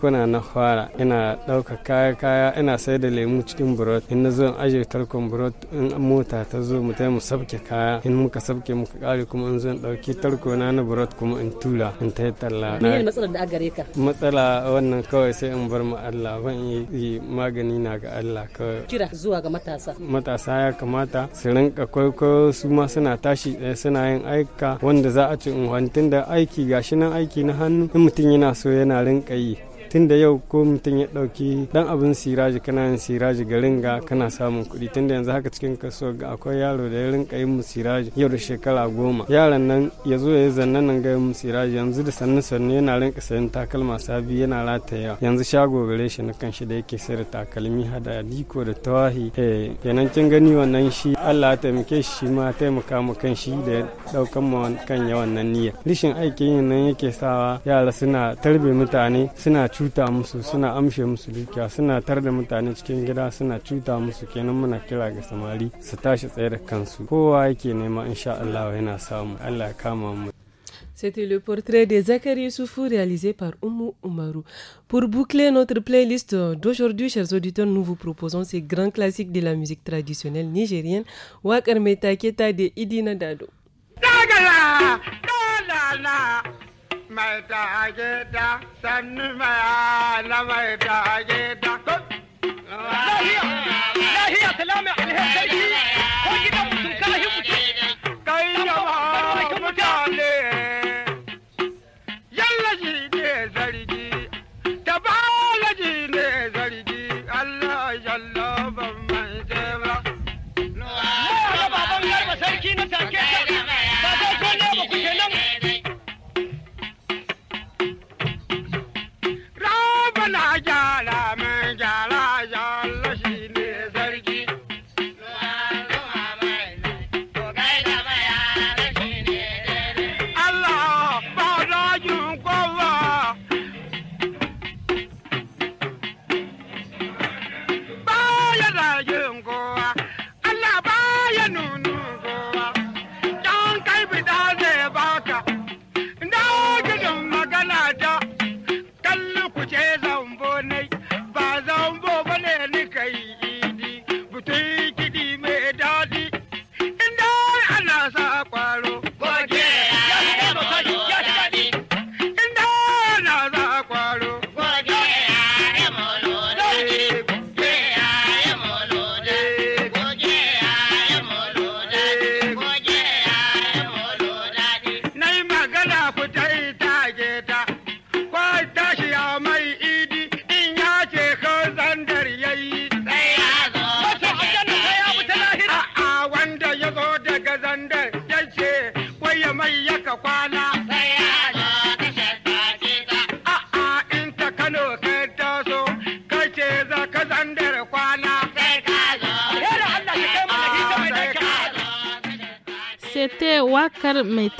kuna na fara ina ɗauka kaya kaya ina sai da lemu cikin burot in na zo in aje tarkon burot in mota ta zo mu mu sabke kaya in muka sabke muka kare kuma in zo in ɗauki tarko na na burot kuma in tula in ta yi talla. matsalar da gare ka? Matsala wannan kawai sai in bar ma Allah ban an yi magani na ga Allah ka Kira zuwa ga matasa. Matasa ya kamata su rinka kwaikwayo su ma suna tashi ɗaya suna yin aika wanda za a ci in da aiki gashi nan aiki na hannu in mutum yana so yana rinka yi tunda yau ko mutum ya ɗauki dan abin siraji kana yin siraji garin ga kana samun kuɗi tunda yanzu haka cikin kaso ga akwai yaro da ya rinka yin mu siraji yau da shekara goma yaran nan ya zo ya zanna nan ga mu siraji yanzu da sannu sannu yana rinka sayan takalma sabi yana rataya yanzu shago gare shi na kanshi da yake sayar da takalmi hada diko da tawahi eh kenan kin gani wannan shi Allah ya taimake shi ma taimaka mu kan shi da daukan mu kan yawan nan niyya rishin aikin yin nan yake sawa yara suna tarbe mutane suna cuta musu suna amshe musu dukiya suna tar da mutane cikin gida suna cuta musu kenan muna kira ga samari su tashi tsaye da kansu kowa yake nema insha Allah yana samu Allah ya kama mu C'était le portrait de Zachary Soufou réalisé par Oumu Oumarou. Pour boucler notre playlist d'aujourd'hui, chers auditeurs, nous vous proposons ces grands classiques de la musique traditionnelle nigérienne, Wakar Metaketa de Idina Dado. mai ta ge da san ma la mai ta ge da lahiya lahiya salama alheri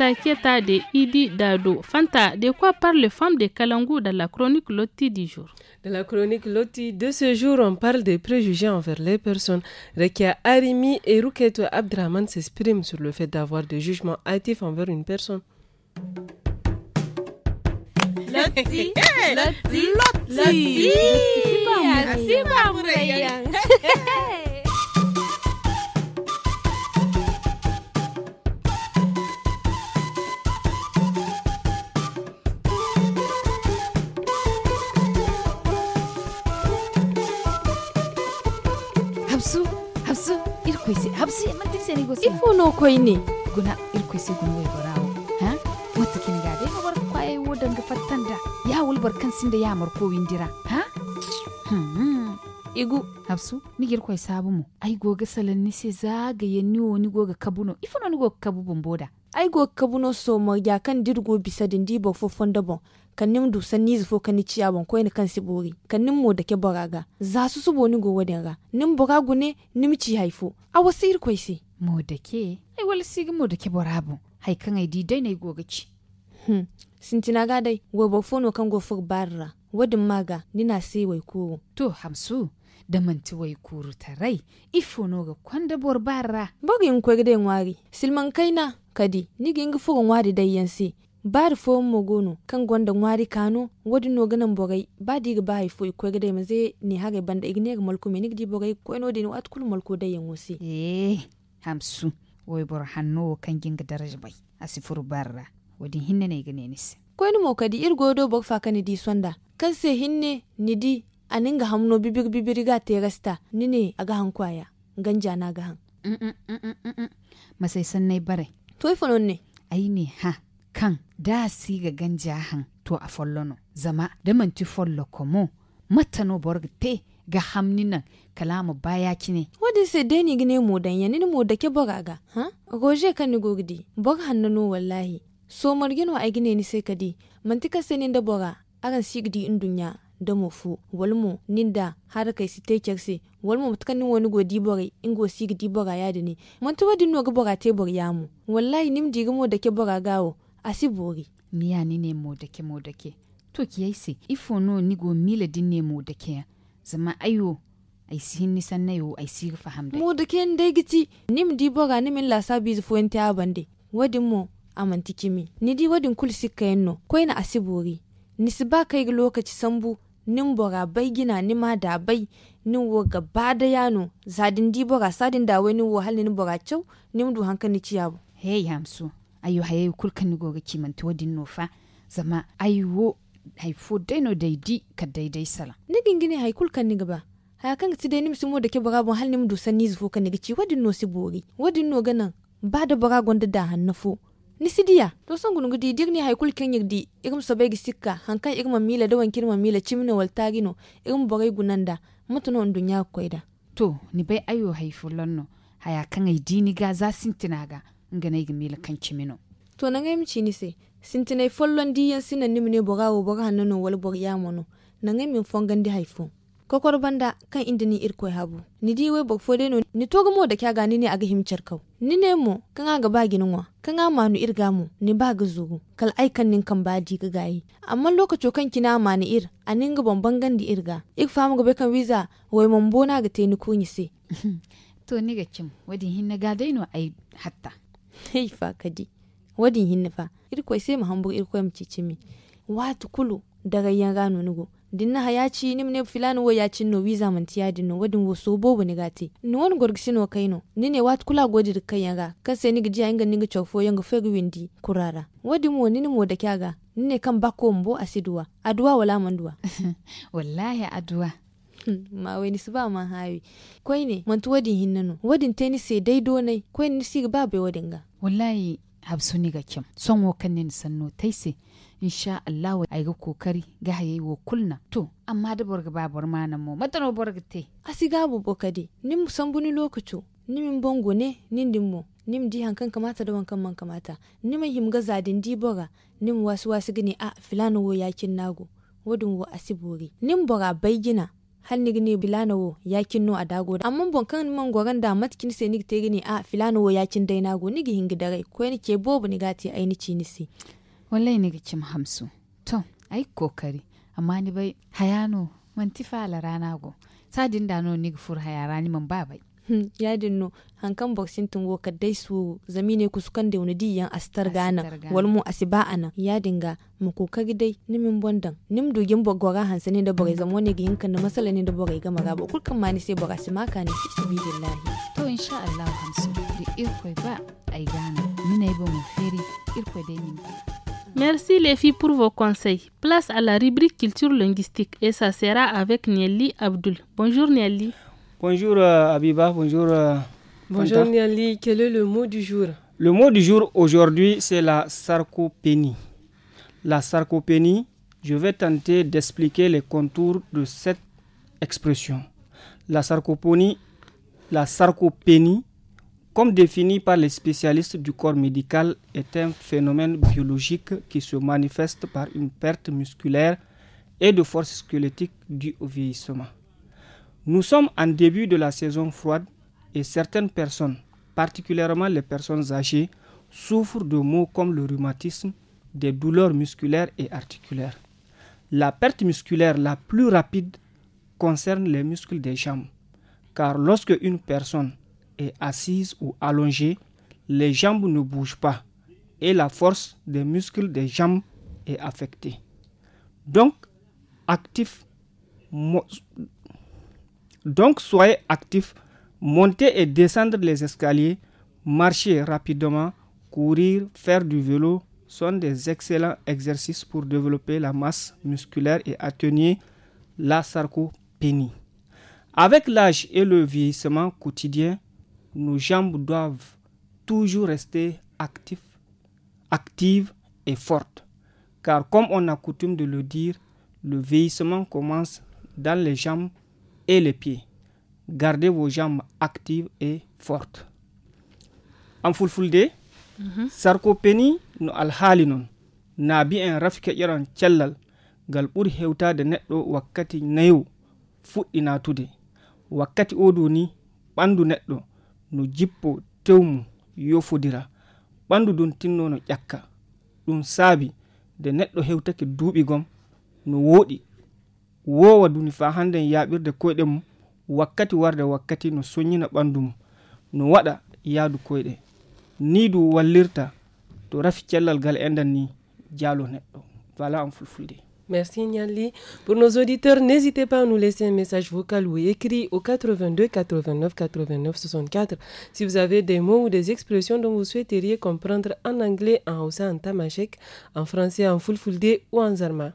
Fanta de Idi Dado. Fanta, de quoi parle les femme de Kalangu dans la chronique Loti du jour Dans la chronique Loti de ce jour, on parle des préjugés envers les personnes. Rekia Arimi et Ruketo Abdraman s'expriment sur le fait d'avoir des jugements hâtifs envers une personne. habsi mantirse ni gosi no ini guna irkwisi gunwe barawo ha wata gade bar ya Le kan ya marko windira ha hmm. habsu ni mu ai goga se woni goga kabuno no ni goga kabu bomboda ai goga kabuno so ya kan dirgo bo bon kannim dusan ni zufo kani ban ko ni kansi bori kannim mo da ke boraga za su su ni go wadin ra nim boragu ne nim ci haifo a wasu irkoi kwaisi mo da ke ai wal sigi mo da ke borabu hai kan ai di dai nai ci hmm. sintina ga dai wo bo fono kan go fur barra wadin maga nina sai wai to hamsu da manti wai kuru tarai ifo no ga kwanda bor barra bogin kwegde ngwari silman kaina kadi nigi ngi fugun wadi dai yansi da fo mogono kan gwanda ngwari kano wadi no ganan bogai ba diga ba haifo iko ga dai maze ne haga banda igne ga malko menik di bogai ko eno de no atkul malko da yin wasi eh hamsu woy bor hanno kan ginga daraja bai asifuru barra wadi hinne ne ga nenis ko eno mo kadi iri godo bog fa kan di sonda kan se hinne ni di aninga hamno bibig bibiriga te gasta nine aga hankwaya ganja na ga han masai sannai bare toy fonon ne ai ne ha kan da siga ganja han to a follono zama da manti follo komo borg te ga hamni nan kalamu baya kine wadi se deni gine dan yani mo da ke ga. ha goje kan ni gogdi bog hannano wallahi so margino ai gine ni sai kadi mantika senin da boga akan sigdi in dunya da mofu walmo ninda har kai si te kyarse walmo mutkanin wani godi bore in go sigi di ya da ne man no ga bora te bor mu wallahi nim di da ke bora gawo asibori miya ni ne modake modake to ki yaise ifo no ni go mile din ne modake zama ayo ai si nisan na yo ai si faham dai modake dai giti nim di boga ni min la sabi fuente abande wadin mo amanti kimi ni di wadin kul sikka yenno ko ina asibori ni si ba kai lokaci sambu nin bora bai gina ni ma da bai nin wo gaba da yano zadin di boga sadin da wani wo halin bora chau nim du hankali ciyabu hey hamsu ayo hayayo kulkanigoga kimanti wadin no fa zama ayo haifo daino daidi ka daidai sala nigingine hay kulkaniga ba haya kan ti dai nimsu mo da ke bagabon hal nim ni zufu kan gici wadin no si bori wadin no ganan ba da bagagon da da hannafo nisidiya to son gunu gudi dig ni haikul ni yigdi Irin sobe gi sikka hankan irin mila da wankir mila cimina wal Irin igum gunan gunanda mutuno dunya koida to ni bai ayo lanno haya kan ai dini ga zasin tinaga ganai ga la kanci mino to nangay mi ni se sintinay follon di yan sinan nimne boga wo boga hanno wal bog yamono nangay min fongandi haifu kokor banda kan inda ni irko habu ni di we fode no ni mo da kya gani ne aga himcar kau ni ne mo kan aga ba ginwa kan aga manu irga mu ni ba ga zugu kal ai kan nin kan badi ga gayi amma lokaco kan kina mani ir anin ga bangan di irga ik famu ga be kan wiza wai mon ga te kunyi se to ni ga cim wadin hinna ga no ai hatta hey fa kadi wadin hinna fa irko sai mu hambu irko mu cici mi watu kulu daga yanga nunugo dinna haya ci ni ne filan wo ya cinno wiza man tiya dinno wadin wo so bobo ni gati ni won gorgisin wo kaino ni ne wat kula godi da kan yanga kan sai ni gijiya ni ga chofo yanga fegu windi kurara wadin mo ni mo da kyaga ni ne kan bako mbo asiduwa aduwa wala manduwa wallahi aduwa hmm, ma wani su ba ma hawi koi ne mantu wadin hinnano wadin tenise daido nai koi ni si ba bai wadin ga wallahi habsu ni ga kyam son wo kan ne sanno taise insha Allah ay ga kokari ga haye wo kulna to amma da borga ba bor mana mo matano borga te asiga bu bokade nim sambuni lokacu nimin bongo ne nin dimmo nim di hankan kamata da wankan man kamata him himga zadin di bora nim wasu wasu gini a filano wo yakin nago wadun wo asibori nim boga bai gina filanowo ya bilanawo a dago da amma kan man goran da matkin se nig tegini a ya dai yakin dainago nigi hingi rai ko ni ke bobu ni gati ai ni ci nisi wallahi nigi cim hamsu to ai kokari amma ni bai hayano man tifa la rana go sadin da no nig fur hayara ni man babai hmm, yadin no hankan boxing tun wo dai su zamine kuskan da wani diyan astar gana mu asiba ana ya dinga mu ko ka dai nimin bondan nim dugin bogora hansa ne da bogai zamo ne ga yinkan da masala ne da bogai gama gaba kulkan ma ni sai boga si maka ne fi billahi to insha Allah hansu da irkoi ba ai gana mina yi ba mu feri irkoi dai min Merci les filles pour vos conseils. Place à la rubrique culture linguistique et ça sera avec Nelly Abdul. Bonjour Nelly. Bonjour euh, Abiba, bonjour. Euh, bonjour Niali, quel est le mot du jour Le mot du jour aujourd'hui, c'est la sarcopénie. La sarcopénie, je vais tenter d'expliquer les contours de cette expression. La sarcopénie, la comme définie par les spécialistes du corps médical, est un phénomène biologique qui se manifeste par une perte musculaire et de force squelettique due au vieillissement. Nous sommes en début de la saison froide et certaines personnes, particulièrement les personnes âgées, souffrent de maux comme le rhumatisme, des douleurs musculaires et articulaires. La perte musculaire la plus rapide concerne les muscles des jambes, car lorsque une personne est assise ou allongée, les jambes ne bougent pas et la force des muscles des jambes est affectée. Donc, actif, donc soyez actifs, monter et descendre les escaliers, marcher rapidement, courir, faire du vélo sont des excellents exercices pour développer la masse musculaire et atténuer la sarcopénie. Avec l'âge et le vieillissement quotidien, nos jambes doivent toujours rester actives, actives et fortes. Car comme on a coutume de le dire, le vieillissement commence dans les jambes et les pieds. Gardez vos jambes actives et fortes. Mhm. En fulfulde, sarkopeni no alhalinon, Nabi Nabi en rafika yaran cellal ngal ɓuri netlo wakati wakkati wakati fuɗɗi natude Wakati o dow ni netto no jippo teumu yofodira ɓandu dun tinno no yaka dun sabi de netto hewtake duuɓi gom no wodi Merci Nyali. Pour nos auditeurs, n'hésitez pas à nous laisser un message vocal ou écrit au 82 89 89 64 si vous avez des mots ou des expressions dont vous souhaiteriez comprendre en anglais, en haussa, en tamashek, en français, en fulfulde ou en zarma.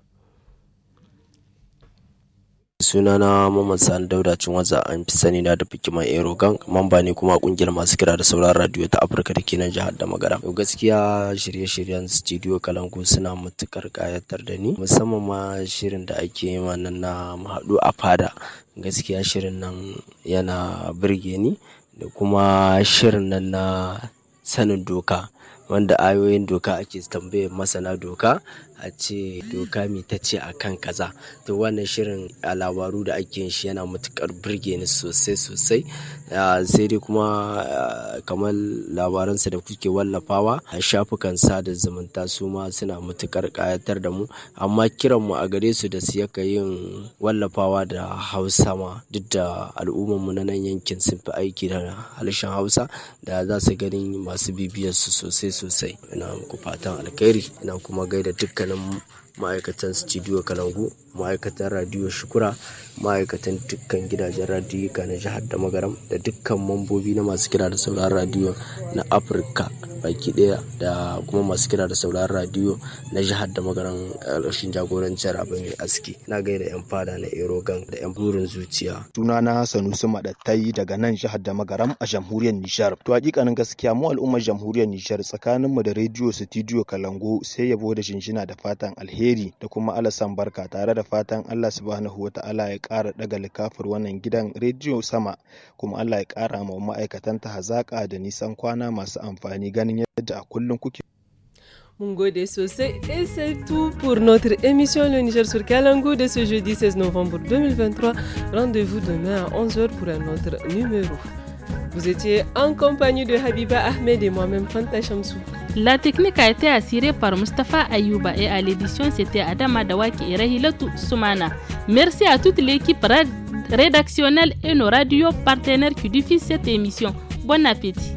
Sunana Muhammad Sani Dauda Cinwaza an fi sani na da Fikima Erogan mamba ne kuma kungiyar masu kira da sauran radio ta Afirka da ke nan jihar da Magara. to Gaskiya shirye-shiryen studio Kalangu suna matukar kayatar da ni musamman ma shirin da ake yi na mahadu a fada. Gaskiya shirin nan yana birge ni da kuma shirin nan na sanin doka wanda ayoyin doka ake tambayar masana doka a ce doka me ta ce a kan kaza to wannan shirin a labaru da ake shi yana matukar burge ni sosai sosai sai dai kuma kamar labaransa da kuke wallafawa a shafukan sada zumunta su ma suna matukar kayatar da mu amma kiran mu a gare su da su yaka yin wallafawa da hausa ma duk da al'ummar mu na nan yankin sun fi aiki da halishin hausa da za su ganin masu bibiyar su sosai sosai ina ku fatan alkhairi ina kuma gaida dukkan no ma'aikatan studio kalangu ma'aikatan radiyo shukura ma'aikatan dukkan gidajen radiyuka na jihar da magaram da dukkan mambobi na masu kira da sauran radiyo na afirka baki daya da kuma masu kira da sauran radiyo na jihar da magaran alashin eh, jagorancin abin mai aski na gaida yan fada na erogan da yan burin zuciya sunana sanusi madattai daga nan jihar da magaram a jamhuriyar nijar to hakikanin gaskiya mu al'ummar jamhuriyar nijar tsakaninmu da rediyo studio kalango sai yabo da jinjina da fatan alheri alheri da kuma alasan barka tare da fatan Allah subhanahu wa ta'ala ya kara daga likafar wannan gidan rediyo sama kuma Allah ya kara ma ma'aikatan ta hazaƙa da nisan kwana masu amfani ganin yadda a kullum kuke gode sosai et c'est tout pour notre émission Le Niger sur Kalangu de ce jeudi 16 novembre 2023. Rendez-vous demain à 11h pour un autre numéro. Vous étiez en compagnie de Habiba Ahmed et moi-même Fanta Chamsou. La technique a été assurée par Mustafa Ayouba et à l'édition c'était Adama Dawaki et Rahilatou Soumana. Merci à toute l'équipe rédactionnelle et nos radios partenaires qui diffusent cette émission. Bon appétit.